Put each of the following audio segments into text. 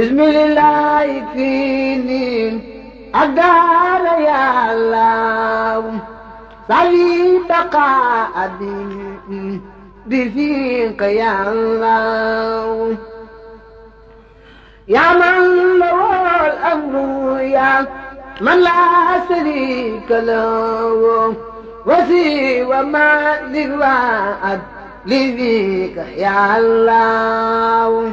بسم الله يكفيني أقدر يا الله صلي بقاء برفيق يا الله يا من له الأمر يا من لا شريك له وسوى ما للوعد لذيك يا الله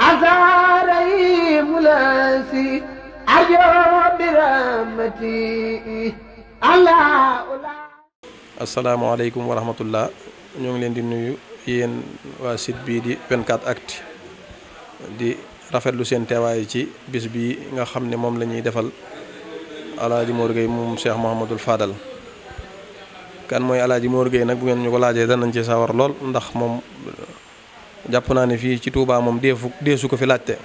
أزاري ملاسي أرجو برحمتي الله asalaamaaleykum wa rahmatullah ñoo ngi leen di nuyu yéen waa site bii di 24 actu di rafetlu seen teewaay ci bis bii nga xam ne moom la ñuy defal alaaji Mor Gueye moom Cheikh Mouhamadul Fadal kan mooy alaaji Mor Gueye nag bu ngeen ñu ko laajee danañ ci sawar lool ndax moom jàpp naa ne fii ci Touba moom deefu deesu ko fi laajte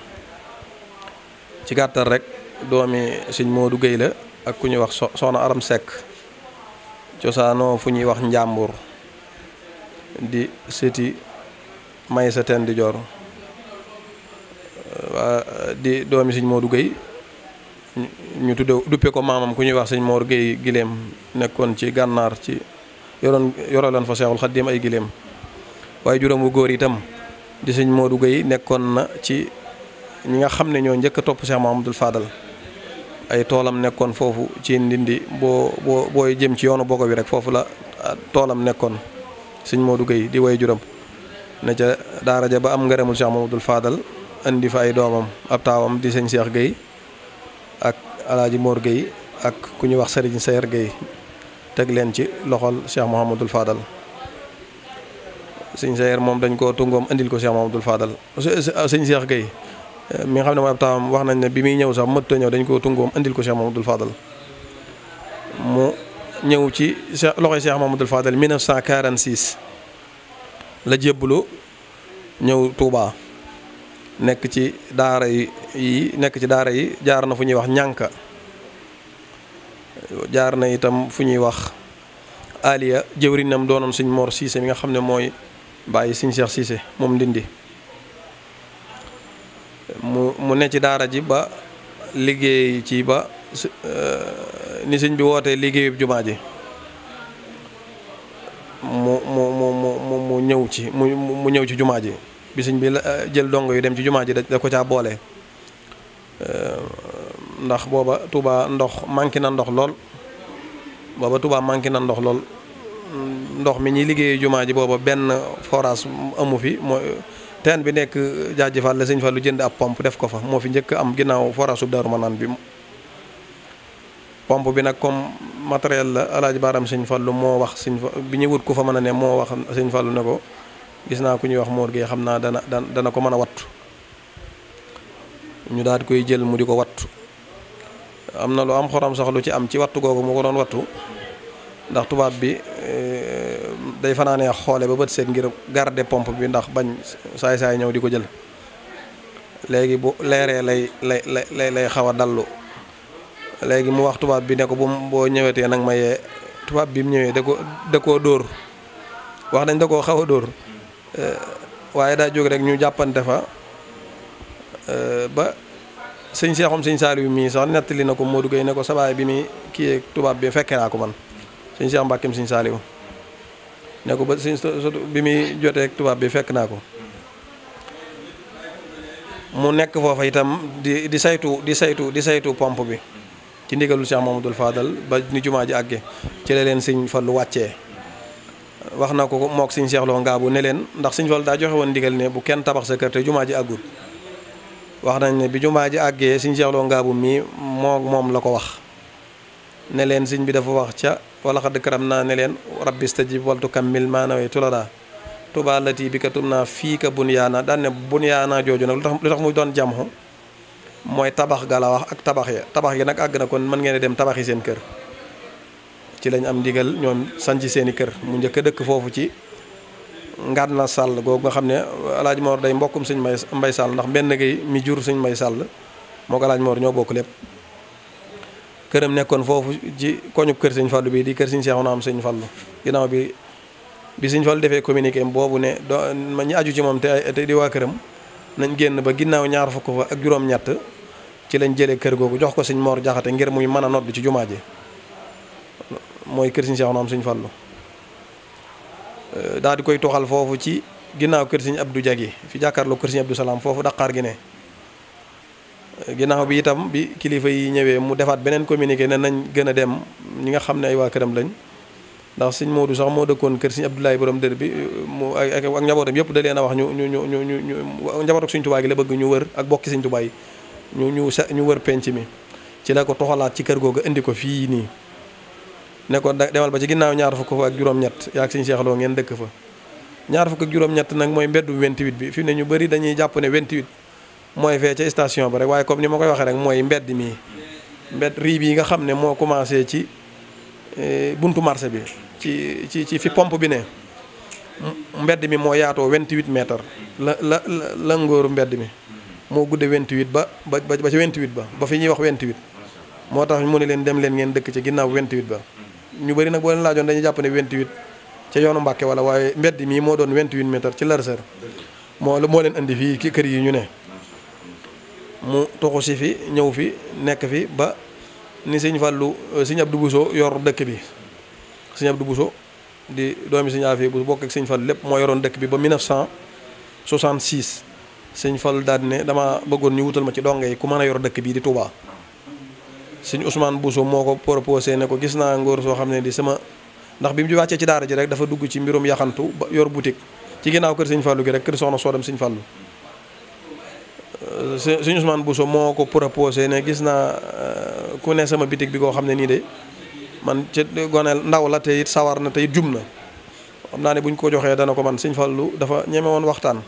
ci gàttal rek doomi sëñ Modou Guèye la ak ku ñuy wax soxna Aram Seck cosaanoo fu ñuy wax njàmbur di sëti may sa ten di jor waa di doomi sëñ Modou Guèye ñu tudde duppe ko maamam ku ñuy wax sëñ Mor Guèye giléem nekkoon ci gànnaar ci yoroon yoroon fa Seexul Xaddim ay giléem waaye juróom wu góor itam di sëñ Modou Gueye nekkoon na ci ñi nga xam ne ñoo njëkk a topp Cheikh Mahamadul faadal ay toolam nekkoon foofu ci ndindi boo boo booy jëm ci yoonu bokk bi rek foofu la ah, toolam nekkoon sëñ Modou Gueye di way juróom ne ca daara ja ba am ngërëmul Cheikh Mahamadul faadal indi fa ay doomam ab taawam di sëñ Cheikh Gueye ak alaaji Mor Gueye ak ku ñu wax sëriñ Seer Gueye teg leen ci loxol Cheikh Mahamadul Fadal sëñ Seer moom dañ koo tungoom indil ko Cheikh Mamadou Fadal sëñ Seex Gay mi nga xam ne mooy ab taawam wax nañ ne bi muy ñëw sax mëtta ñëw dañ koo tungoom indil ko Cheikh Mamadou Fadal mu ñëw ci loxoy Cheikh Mamadou Fadal 1946 la jébbalu ñëw Touba nekk ci daara yi nekk ci daara yi jaar na fu ñuy wax ñànka jaar na itam fu ñuy wax aliya jëwriñam doonoon suñ Mor Cissé mi nga xam ne mooy bàyyi sëñ Cheikh Cissé moom ndindi mu mu ne ci daara ji ba liggéey ci ba euh, ni sëñ bi wootee liggéeyub jumaa ji mu mu mu mu ñëw ci mu mu ñëw ci jumaa ji bi sëñ bi euh, jël dongo yu dem ci jumaa ji da ko caa boole euh, ndax booba Touba ndox manqué na ndox lool booba Touba manqué na ndox lool ndox mi ñuy liggéeyee jumaa ji booba benn forage amu fi mooy teen bi nekk jaajëfal la sëñ fa jënd ab pomp def ko fa moo fi njëkk am ginnaaw forage su Daaru Manaan bi pompe bi nag comme matériel la alaaji baaraam sëñ Fallu moo wax sëñ fa bi ñu wut ku fa mën a ne moo wax sëñ Fallu ne ko gis naa ku ñuy wax Mor Gueye xam naa dana dana ko mën a wattu ñu daal di koy jël mu di ko wattu am na lu am xorom sax lu ci am ci wattu kooku mu ko doon wattu ndax tubaab bi day fanaanee xoole ba bët seet ngir garder pomp bi ndax bañ saay-saay ñëw di ko jël léegi bu leeree lay lay lay lay xaw a dallu léegi mu wax tubaab bi ne ko bu boo ñëwetee nag ma tubaab bi mu ñëwee da ko da koo dóor wax nañ da koo xaw a dóor eh, waaye daa jóg rek ñu jàppante fa eh, ba sëñ seexum sëñ Saaliw mii sax nettali na ko moo duggee ne ko sabaay bi muy kii tubaab bi fekke naa ko man sëñ seex mbàkkim sëñ Saaliw ne ko ba sëñ Sotu bi muy jotee tubaab bi fekk naa ko mu nekk foofa itam di di saytu di saytu di saytu pomp bi ci ndigalul Cheikh Mamadou Fadal ba ni jumaa ji àggee ci la leen sëñ lu wàccee wax na ko mook sëñ Cheikh Lo Ngaabu ne leen ndax sëñ Fallu daa joxe woon ndigal ne bu kenn tabax sa kër te jumaa ji àggul wax nañ ne bi jumaa ji àggee sëñ seexloo Lo Ngaabu mii moo moom la ko wax ne leen sëñ bi dafa wax ca wala xadd karam naa ne leen rabbi stajib waltu kammil maanawee tulada tuba bi ka tum naa fii ka bun yaana daan ne bun yaana jooju nag lu tax lu muy doon jamxu mooy tabax ga la wax ak tabax yi tabax gi nag àgg na kon mën ngeen dem tabaxi seen kër ci lañ am ndigal ñoom sanci seeni kër mu njëkk a dëkk foofu ci ngaat na sàll googu nga xam ne alaaj moor day mbokkum sëñ mbay mbay sàll ndax benn gay mi jur sëñ mbay sàll moo ko alaaj moor ñoo bokk lépp këram nekkoon foofu ci koñub kër sëñ Fallu bii di kër sëñ Seexuna am sëñ Fallu ginnaaw bi bi suñ Fallu defee communiqué boobu ne do ma ñu aju ci moom te di waa këram nañ génn ba ginnaaw ñaar fukk fa ak juróom-ñett ci lañ jëlee kër googu jox ko sëñ Moor Jaxate ngir muy mën a nodd ci jumaa ji mooy kër sëñ Seexuna am sëñ Fallu daal di koy toxal foofu ci ginnaaw kër sëñ Abdou Jagi fi jàkkaarloo kër sëñ Abdou Salaam foofu daqaar gi ne ginnaaw bi itam bi kilifa yi ñëwee mu defaat beneen communiqué ne nañ gën a dem ñi nga xam ne ay waa këram lañ ndax sëñ Modou sax moo dëkkoon kër sëñ Abdoulaye borom dër bi mu ak ak njabootam yëpp da leen a wax ñu ñu ñu ñu ñu ñu njaboot ak sëñ la bëgg ñu wër ak bokki sëñ Tuubaa yi ñu ñu sa ñu wër penc mi ci la ko toxalaat ci kër googu indi ko fii nii ne ko demal ba ci ginnaaw ñaar fukk fa ak juróom-ñett yaa ak sëñ Cheikh ngeen dëkk fa ñaar fukk ak juróom-ñett nag mooy mbeddu 28 bi fii ne ñu bëri dañuy jàpp ne 28 mooy fee ca station ba rek waaye comme ni ma koy waxee rek mooy mbedd mi mbedd riib yi nga xam ne moo commencer ci eh, buntu marché bi ci ci ci fi pompe bi ne mbedd mi moo yaatoo 28 mètres la la la ngóoru mbedd mi moo gudde 28 ba ba ba ci 28 ba ba fi ñuy wax 28 moo tax mu ne leen dem leen ngeen dëkk ca ginnaaw 28 ba ñu bëri nag boo leen laajoon dañuy jàpp ne 28 ca yoonu Mbàkke wala waaye mbedd mii moo doon 28 mètres ci largeur moo moo leen indi fii kii kër yi ñu ne mu toxu fi ñëw fi nekk fi ba ni sëñ Fàllu euh, sëñ Abdou Bousso yor dëkk bi sëñ Abdou Bousso di doomi sëñ Afia bu bokk ak sëñ lépp moo yoroon dëkk bi ba 1966 sëñ Fàllu daal di ne dama bëggoon ñu wutal ma ci donge yi ku mën a yor dëkk bii di Touba. sëñ Ousmane Bousso moo ko proposé ne ko gis naa ngóor soo xam ne di sama ndax bi mu ci wàccee ci daara ji rek dafa dugg ci mbirum yaxantu ba yor boutique ci ginnaaw kër sëñ fallu gi rekk kër soxna soo sëñ Fàllu suñu Ousmane so moo ko pour proposé ne gis naa euh, ku ne sama bitig bi koo xam ne nii de man ci gone ndaw la te it sawar na te it jum na xam naa ne buñ ko joxee dana ko man Sëñ Fallu dafa ñeme woon waxtaan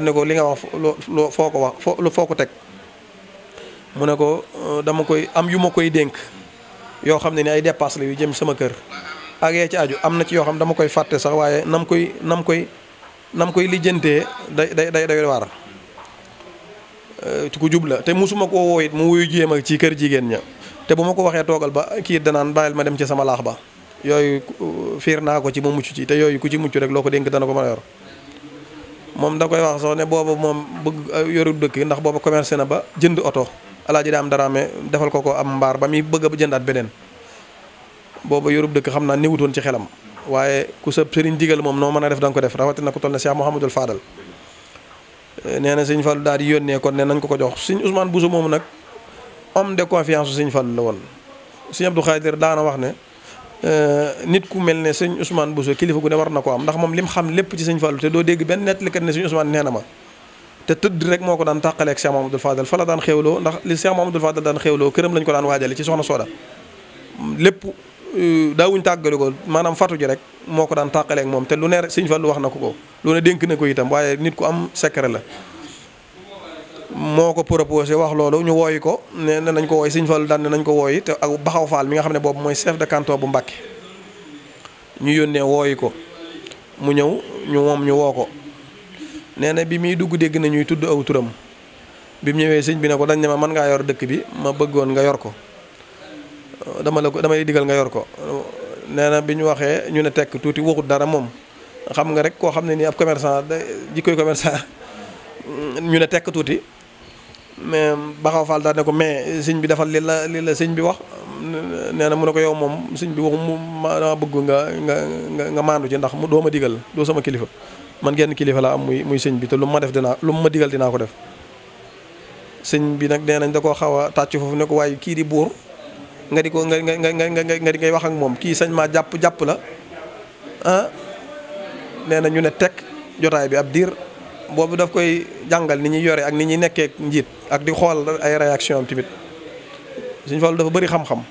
ne ko li nga wax loo foo ko wax foo ko teg mu ne ko euh, dama koy am yu ma koy dénk yoo xam ne ni ay dépasse la yu jëm sama kër ak yee ci aju am na ci yoo xam dama koy fàtte sax waaye nam koy nam koy nam koy lijjantee day day day day war Euh, ku jub la te musuma koo woo mu wuyu jéem ak ci kër jigéen ña te bu ma ko waxee toogal ba kii danaan bàyyil ma dem ci sama laax ba yooyu euh, fiir naa ko ci ma mucc ci te yooyu ku ci mucc rek loo ko dénk dana ko mën a yor moom da koy wax sax ne booba moom bëgg euh, yoru dëkk ndax booba commercé na ba jënd oto alaaji daa am daraame defal ko ko am mbaar ba muy bëgg a jëndaat beneen booba yorub dëkk xam naa néewutoon ci xelam waaye ku sa sëriñ digal moom noo mën a def danga ko def rawatina ku toll ne Cheikh Mouhamadul Fadal nee na sëñ Fallou daal di yónnee kon ne nañ ko ko jox sëñ Ousmane Bousso moomu nag homme de confiance sëñ Fallou la woon sëñ Abdou Khadir daana wax ne euh, nit ku mel ne sëñ Ousmane Bousso kilifa gu ne war na ko am ndax moom lim xam lépp ci sëñ Fallou te doo dégg benn nettalikat ne sëñ Ousmane nee na ma te tëdd rek moo ko daan tàqaleeg Cheikh Mamadou Fadal fa la daan xéewloo ndax li Cheikh Mamadou Fadal daan xéewloo këram lañ ko daan waajale ci soxna Soda lépp Euh, daawuñ tàggale ko maanaam fatu ji rek moo ko daan tàqaleeg moom te lu ne rek Sëñ Fallu wax na ko ko lu ne na ko itam waaye nit ku am secret la moo ko proposé wax loolu ñu wooyi ko ne nañ ko wooy Sëñ Fallu daan ne nañ ko wooyi te ak Baxaw Fall mi nga xam ne boobu mooy chef de canton bu Mbàkke ñu yónnee wooyi ko mu ñëw ñu moom ñu woo ko nee na bi muy dugg dégg na ñuy tudd aw turam bi mu ñëwee sëñ bi ne ko dañ ne ma mën ngaa yor dëkk bi ma bëggoon nga yor ko dama la ko damay digal nga yor ko nee na bi ñu waxee ñu ne tekk tuuti waxut dara moom xam nga rek koo xam ne nii ab commerçant da jikkoy commerçant ñu ne tekk tuuti mais baxaw faal daal ne ko mais sëñ bi defal li la li la sëñ bi wax nee na mu ne ko yow moom sëñ bi waxu mu ma bëgg nga nga nga maandu ci ndax mu doo ma digal doo sama kilifa man genn kilifa laa am muy muy sëñ bi te lu ma def dinaa lu ma digal dinaa ko def sëñ bi nag nee nañ da koo xaw a tàcc foofu ne waaye kii di buur nga di ko nga nga nga nga nga di ngay wax ak moom kii sañ maa jàpp jàpp la ah nee na ñu ne teg jotaay bi ab diir boobu daf koy jàngal ni ñuy yore ak ni ñuy nekkee njiit ak di xool ay réaction am tamit suñ Fallu dafa bari xam-xam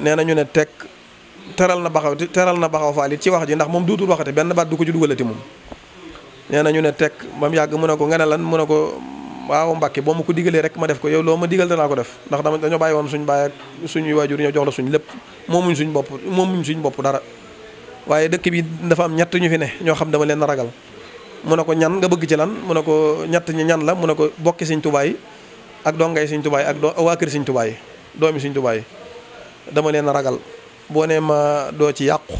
nee ñu ne teg teral na baxaw teral na baxaw faal it ci wax ji ndax moom duutul waxate benn baat du ko ci ti moom nee na ñu ne tek ba yàgg mu ne ko nga ne lan mu ne ko. waaw Mbàkke boo ma ko digalee rek ma def ko yow loo ma digal danaa ko def ndax dama dañoo bàyyi woon suñu baay ak suñuy waajur ñoo jox la suñu lépp moo muñ suñu bopp muñ suñu bopp dara waaye dëkk bi dafa am ñett ñu fi ne ñoo xam dama leen ragal mu ne ko ñan nga bëgg ci lan mu ne ko ñett ñi ñan la mu ne ko bokki Sëñ ak dongay Sëñ Tuubaa yi ak waa kër Sëñ Tuubaa yi dama leen ragal boo nee ma doo ci yàqu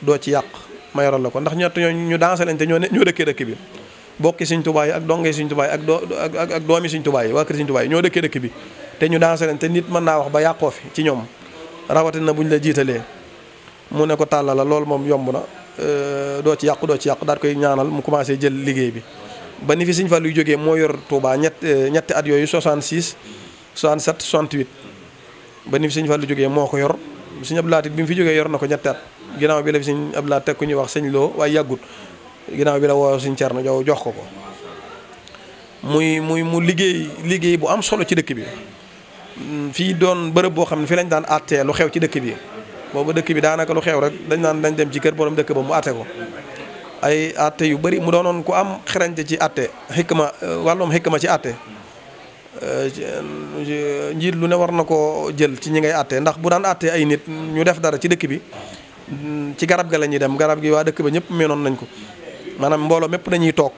doo ci yàq ma yoral la ko ndax ñett ñoo ñu dansé lañ te ñoo ne ñoo dëkkee dëkk bi bokki Sëñ Tuubaa ak dongee Sëñ Tuubaa yi ak doo ak ak doomi Sëñ Tuubaa yi waa kër Sëñ Tuubaa ñoo dëkkee dëkk bi te ñu dansé leen te nit mën naa wax ba yàqoo fi ci ñoom rawatina ñu la jiitalee mu ne ko tàlla loolu moom yomb na euh, doo ci yàqu doo ci yàqu daal koy ñaanal mu commencé jël liggéey bi ba ni fi Sëñ Fallu jógee moo yor Tuubaa ñett euh, ñetti at yooyu 66 67 68 ba ni fi Sëñ Fallu jógee moo ko yor Sëñ Abdou Lahat bi mu fi jógee yor na ko ñetti at ginnaaw bi la fi Sëñ Abdou ñuy wax sëñ Lo waaye ginnaaw bi la woo suñ Cerno Jaw jox ko ko muy muy mu liggéey liggéey bu am solo ci dëkk bi fii doon bërëb boo xam ne fii lañ daan àttee lu xew ci dëkk bi boobu dëkk bi daanaka lu xew rek dañ naan dañ dem ci kër borom dëkk ba mu àtte ko ay àtte yu bari mu doonoon ku am xerañte ci àtte xikma wàllum ma ci àtte euh, njiit lu ne war na ko jël ci ñi ngay àtte ndax bu daan àtte ay nit ñu def dara ci dëkk bi ci garab ga lañuy dem garab gi waa dëkk ba ñëpp menoon nañ ko maanaam mbooloo mépp dañuy toog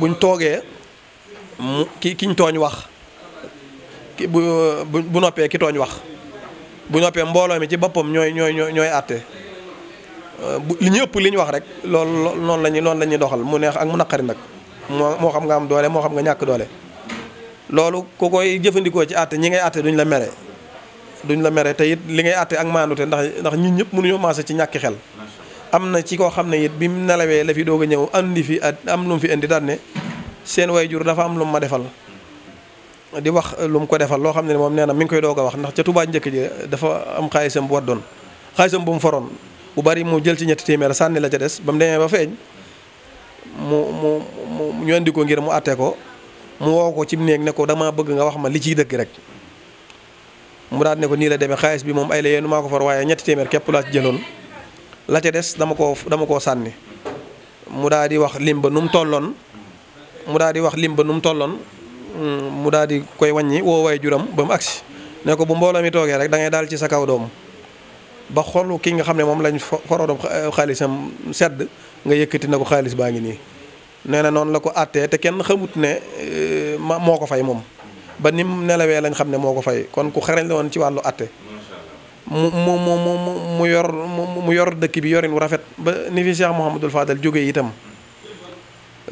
buñ toogee mu ki kiñ tooñ wax ki bu bu noppee ki tooñ wax bu noppee mbooloo mi ci boppam ñooy ñooy ñooy euh, bu li ñu ëpp li ñu wax rek loolu noonu la ñuy noonu doxal mu neex ak mu naqari nag moo moo xam nga am doole moo xam nga ñàkk doole. loolu ku koy jëfandikoo ci àtte ñi ngay àtte duñ la mere duñ la mere te it li ngay àtte ak maandute ndax ndax ñun ñëpp mënuñoo maase ci ñàkki xel. am na ci koo xam ne it bi mu nelawee la fi doog a ñëw andi fi am lu mu fi indi daan ne seen wayjur dafa am lu ma defal di wax lu mu ko defal loo xam ne moom nee na mi ngi koy doog a wax ndax ca njëkk ji dafa am xaalisam bu xaalisam bu mu foroon bu bari mu jël ci ñetti téeméer sànni la ca des ba mu demee ba feeñ mu mu ko ngir mu àtte ko mu woo ko ci mu néeg ne ko damaa bëgg nga wax ma li ciy dëgg rek mu daal ne ko nii la demee xaalis bi moom ay la yéen maa ko for waaye ñetti téeméer képp laa ci jëloon. la ca des dama ko dama koo sànni mu daal di wax lim ba nu mu tolloon mu daal di wax lim ba nu mu tolloon mm, mu daal di koy wàññi woo waay juram ba mu agsi ne ko bu mbooloo mi toogee rek dangay daal ci sa kaw doom ba xolu ki nga xam ne moom lañ foroodom xaalisam sedd nga yëkkati na ko xaalis baa ngi nii nee na noonu la ko àttee kenn xamut ne eh, ma moo ko fay moom ba nim nelawee lañ xam ne moo ko fay kon ku xarañ la woon ci wàllu àtte mu mu mu mu mu yor mu yor dëkk bi yorin wu rafet ba ni fi Cheikh Mouhamadul jóge jógee itam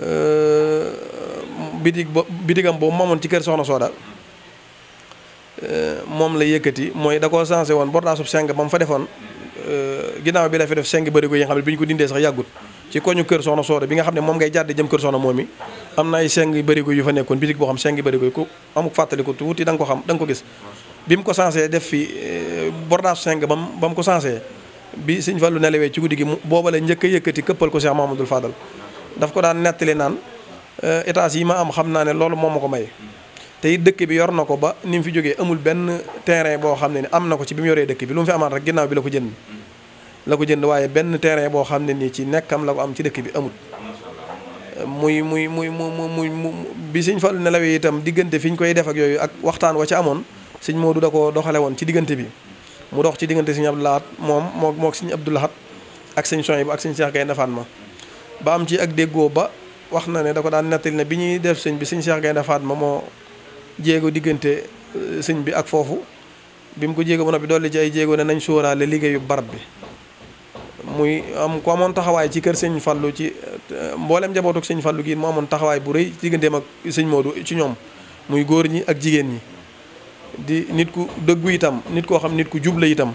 euh, bidig bo bidigam boobu moomoon ci kër Soxna Sooda euh, moom la yëkkati mooy da koo changé woon seng ba mu fa defoon euh, ginnaaw bi la fi def seng bërigo yi nga xam ne bi ñu ko dindee sax yàggut ci koñu kër Soxna Sooda bi nga xam ne moom ngay jàdde jëm kër Soxna moom mi am na ay seng bërigo yu fa nekkoon bidig boo xam seng bërigo yi ku amuk fàttaliku tuuti da nga ko xam da nga ko gis bi mu ko sensé def fi eh, bornage cinq ba mu ba mu ko sensé bi sëñ Fallu nelawee ci guddi gi mu booba la njëkk yëkkati këppal ko Cheikh Mahamadul Fadal daf ko daan nettali naan eh, états yi ma am xam naa ne loolu moom ma ko may tey dëkk bi yor na ko ba ni mu fi jógee amul benn terrain boo xam ne ni am na ko ci bi mu yoree dëkk bi lu mu fi amaat rek ginnaaw bi la ko jënd la ko jënd waaye benn terrain boo xam ne nii ci nekkam la ko am ci dëkk bi amul muy muy muy mu mu mu bi sëñ Fallu nelawee diggante fi ñu koy def ak yooyu ak waxtaan wa ca amoon sëñ Modou da ko doxale woon ci diggante bi mu dox ci diggante sëñ Abdou Lahat moom moo mook sëñ Abdou Lahat ak sëñ Sohaybu ak sëñ Cheikh Gaynde Fatma ba am ci ak déggoo ba wax na ne da ko daan nettali ne bi ñuy def sëñ bi sëñ Cheikh Gaynde Fatma moo jéego diggante euh, sëñ bi ak foofu bi mu ko jéego ba bi dolli ci ay jéego ne nañ sóoraale liggéeyu barab bi muy am ku amoon taxawaay ci kër sëñ Fallu ci euh, mboolem njabootuk sëñ Fallu gi mu amoon taxawaay bu rëy digganteem ak sëñ Modou ci ñoom muy góor ñi ak jigéen ñi di nit ku dëggu itam nit koo xam nit ku jubla itam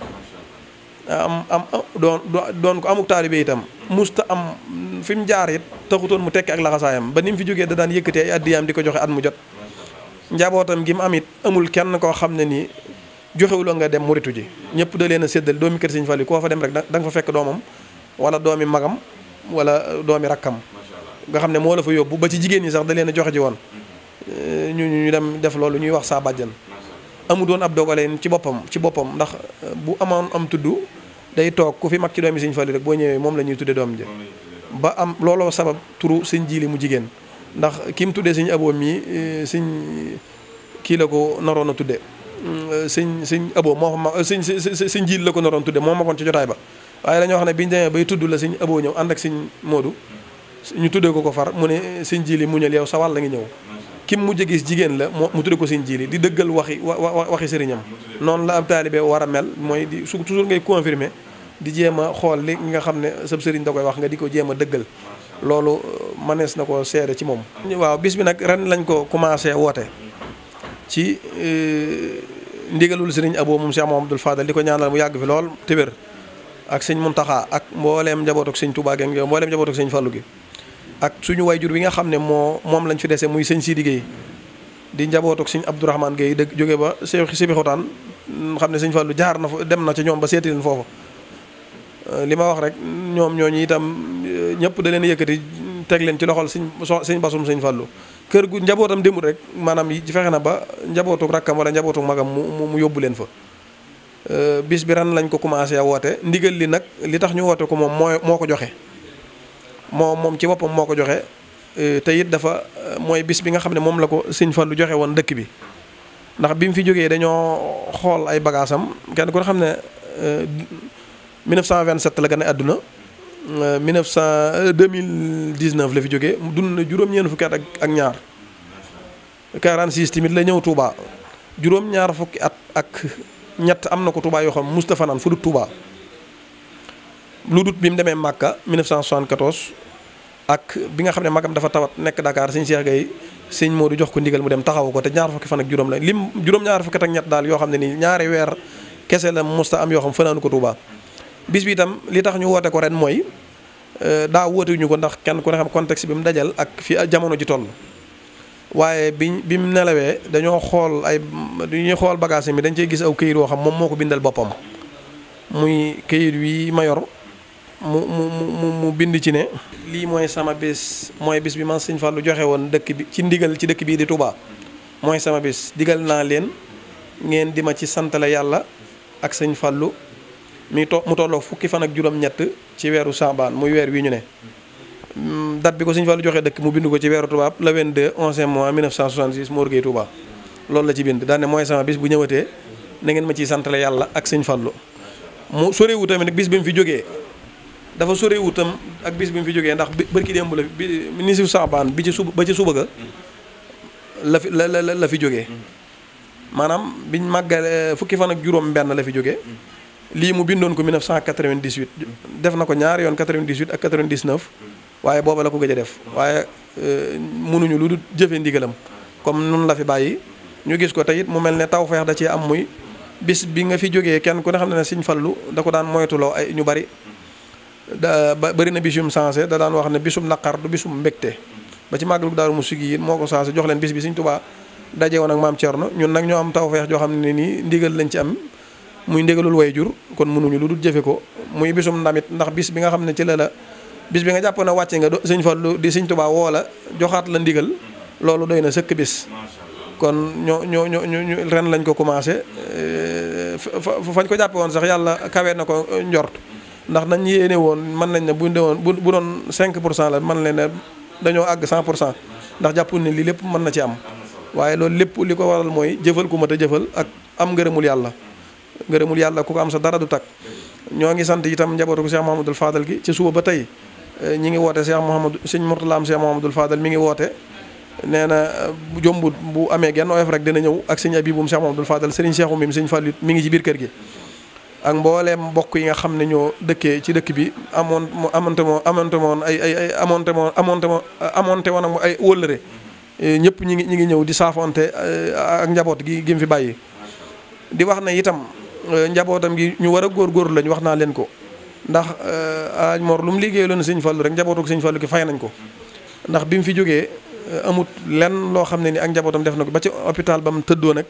am am doon doon ko amuk taalibe itam musta am fi mu jaar it taxutoon mu tekki ak laxasaayam ba ni mu fi jógee da daan yëkkatee ay addiyaam di ko joxe at mu jot njabootam gi mu am it amul kenn koo xam ne nii joxewuloo nga dem muritu ji ñëpp da leen a séddal doomi kër Sëñ Fallu koo fa dem rek da nga fa fekk doomam wala doomi magam wala doomi rakkam nga xam ne moo la fa yóbbu ba ci jigéen ñi sax da leen a joxe ji woon ñu ñu dem def loolu ñuy wax saa amu doon ab dogaleen ci boppam ci boppam ndax euh, bu amoon am tudd day toog ku fi mag ci doomi sëñ Fallu rek boo ñëwee moom la ñuy tudde doom ja ba am looloo sabab turu sëñ jiili mu jigéen ndax ki mu tuddee sëñ aboo mii euh, sëñ kii la ko naroon a tudde mm, euh, sëñ sëñ aboo moo ma sëñ sëñ jiili la ko naroon tudde moo makoon ci jotaay ba waaye dañoo xam ne biñu demee bay tudd la sëñ ñëw ànd ak sëñ Moodu ñu tuddee ko ko far mu ne sëñ jiili mu yow sa wàll la ngi ñëw mm. kim mujj gis jigéen la mu tudde ko sëñ jili di dëggal waxi waxi sëriñam noonu la ab taalibe war a mel mooy di su toujours ngay confirmer di jéem a xool li nga xam ne sab sëriñ da koy wax nga di ko jéem a dëggal loolu euh, mënees na ko seede ci moom waaw bis bi nag ren lañ ko commencé woote ci euh, ndigalul sëriñ Abo moom Cheikh Mouhamadoul Fadal di ko ñaanal mu yàgg fi lool téwér ak sëñ Muntaxa ak mbooleem njabootuk sëñ Tuubaa gi mbooleem njabootuk sëñ Fàllu gi ak suñu wayjur wi nga xam ne moo moom lañu fi dese muy sëñ Sidi Gueye di njaboot ak sëñ Abdourahmane Gueye dëgg jóge ba si Xotaan mm, xam ne sëñ Fallou jaar na fa dem na ci ñoom ba seeti leen foofa euh, li ma wax rek ñoom ñoo ñooñu itam euh, ñëpp da leen yëkkati teg leen ci loxol sëñ sëñ basum sëñ Fallou kër gu njabootam demul rek maanaam yi fexe na ba njabootuk rakkam wala njabootuk magam mu mu yóbbu leen fa euh, bis bi ran lañ ko commencé a woote ndigal li nag li tax ñu woote ko moom moo moo ko joxe moom moom ci boppam moo ko joxe euh, te it dafa euh, mooy bis bi nga xam ne moom la ko fan lu joxe woon dëkk bi ndax bi mu fi jógee dañoo xool ay bagages am kenn ku ne xam ne 1927 euh, la gane àdduna mille 1900 2019 la fi jógee dund na juróom-ñeent fukki at ak ñaar ñaar 46 tamit la ñëw Touba juróom-ñaar fukki at ak ñett am na ko Touba yoo xam Moustapha naan fu du Touba. lu dut bi mu demee Màkka 1974 ak bi nga xam ne magam dafa tawat nekk Dakar sëñ Cheikh Gueye sëñ du jox ko ndigal mu dem taxawu ko te ñaar fukki fan ak juróom la lim juróom-ñaar fukki ak ñett daal yoo xam ne nii ñaari weer kese la musta am yoo xam fanaanu ko Touba. bis bi itam li tax ñu woote ko ren mooy euh, daa wootewuñu ko ndax kenn ku ne xam contexte bi mu dajal ak fi jamono ji toll. waaye bi bi mu nelawee dañoo xool ay dañuy xool bagage mi dañ cey gis aw këyit woo xam moom moo ko bindal boppam muy wi ma mu mu mu bind ci ne. lii mooy sama bis mooy bis bi man sëñ fallu joxe woon dëkk bi ci ndigal ci dëkk bii di Touba mooy sama bis digal naa leen ngeen di ma ci santale yàlla ak sëñ Fallou mi to mu tolloo fukki fan ak juróom-ñett ci weeru Sambaan muy weer wi ñu ne. Mm, date bi joxe dëkk mu bind ko ci weeru tubaab le 22 11 mois 1966 Mor Gueye Touba loolu la ci bind daane mooy sama bis bu ñëwatee na ngeen ma ciy santale yàlla ak sëñ Fallou mu sorewu tamit nag bis bi mu fi jógee. dafa soriwul tam ak bis bi mu fi jógee ndax bërki démb la bi ni si saabaan bi ci suba ba ci suba ga la fi la la la fi jógee maanaam biñ màggale euh, fukki fan ak juróom mbenn la fi jóge lii mu bindoon ko 1998 def na ko ñaar yoon 98 ak 99 waaye booba la ko gëj def waaye euh, mënuñu lu du jëfe ndigalam comme nun la fi bàyyi ñu gis ko teyit mu mel ne taw feex da cee am muy bis bi nga fi jógee kenn ku ne xam ne ne Sëñ Fallu da ko daan moytuloo ay ñu bari da bëri na bis yu mu da daan wax ne bisum naqar du bisum mbégte ba ci màggalu daaru mu sigi it moo ko changé jox leen bis bi Sëriñ Tuubaa daje woon ak maam Thierno ñun nag ñoo am tawfeex joo xam ne nii ndigal lañ ci am muy ndigalul way jur kon mënuñu lu dul jëfe ko muy bisum ndamit ndax bis bi nga xam ne ci la la bis bi nga jàpp na wàcce nga Sëriñ Fallu di Sëriñ Tuubaa woo la joxaat la ndigal loolu doy na sëkk bis kon ñoo ñoo ñoo ñu ren lañ ko commencé euh, fañ ko jàppe woon sax yàlla kawe na ko euh, njor ndax nañ yéene woon mën nañ ne bu dewoon bu bu doon cinq pour cent la mën leen ne dañoo àgg 100 pour cent ndax jàppuñ ne lii lépp mën na ci am waaye loolu lépp li ko waral mooy jëfal ku mat jëfal ak am ngërëmul yàlla ngërëmul yàlla ku ko am sa dara du tak ñoo ngi sant itam njabootu ko Cheikh Mouhamadul Fadal gi ci suba ba tey eh, ñi ngi woote Cheikh Mouhamadou Sëñ Mourtala am Cheikh Mouhamadul Fadal mi ngi woote nee na eh, jombut bu amee genn oyof rek dina ñëw ak sëñ mi ngi ci biir kër gi ak mbooleem mbokk yi nga xam ne ñoo dëkkee ci dëkk bi amoon amonte moo amonte moon ay ay ay amonte moo amonte moo amonte woon ay wëllëre eh, ñëpp ñi ngi ñi ngi ñëw di saafonte eh, ak njaboot gi gi mu fi bàyyi di wax na itam eh, njabootam gi ñu war a góor góorgóorlu lañ wax naa leen ko ndax aaj mor lu mu liggéey loon sëñ Fallu rek njabootu sëñ Fallu ki fay nañ ko ndax bi mu fi jógee amut lenn loo xam ne ni ak njabootam def na ko ba ci hôpital ba mu tëddoo nag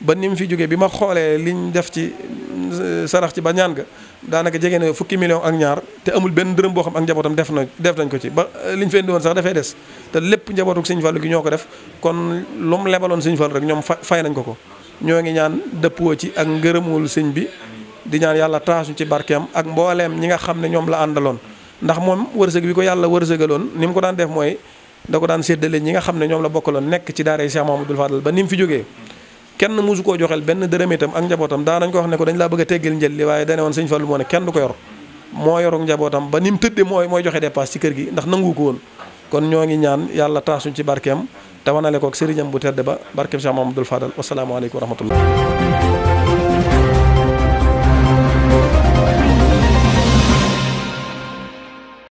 ba ni mu fi jógee bi ma xoolee li ñu def ci euh, sarax ci ba ñaan ga daanaka jege na fukki million ak ñaar te amul benn dërëm boo xam ak njabootam def na def nañ ko ci ba euh, liñ fi indi woon sax dafay des te lépp njabootuk Sëñ Fallu gi ñoo ko def kon lu mu lebaloon Sëñ Fallu rek ñoom fay nañ ko ko ñoo ngi ñaan dëpp dëppoo ci ak ngërëmul sëñ bi di ñaan yàlla taasu ci barkeem ak mbooleem ñi nga xam ne ñoom la àndaloon ndax moom wërsëg bi ko yàlla wërsëgaloon ni mu ko daan def mooy da ko daan séddale ñi nga xam ne ñoom la bokkaloon nekk ci daara Cheikh Mahamadul Fadal ba ni mu fi jógee kenn musu koo joxel benn dërëm itam ak njabootam daa nañ ko wax ne ko dañ laa bëgg a teggil njël li waaye dane woon sëñ Fallu moo ne kenn du ko yor moo yoru njabootam ba ni mu tëddee mooy mooy joxe dépasse ci kër gi ndax nangu ko woon kon ñoo ngi ñaan yàlla taasuñ ci barkeem te wanale ko ak sëriñam bu tedd ba barkeem Cheikh Mamadou Fadal wasalaamaaleykum wa rahmatullah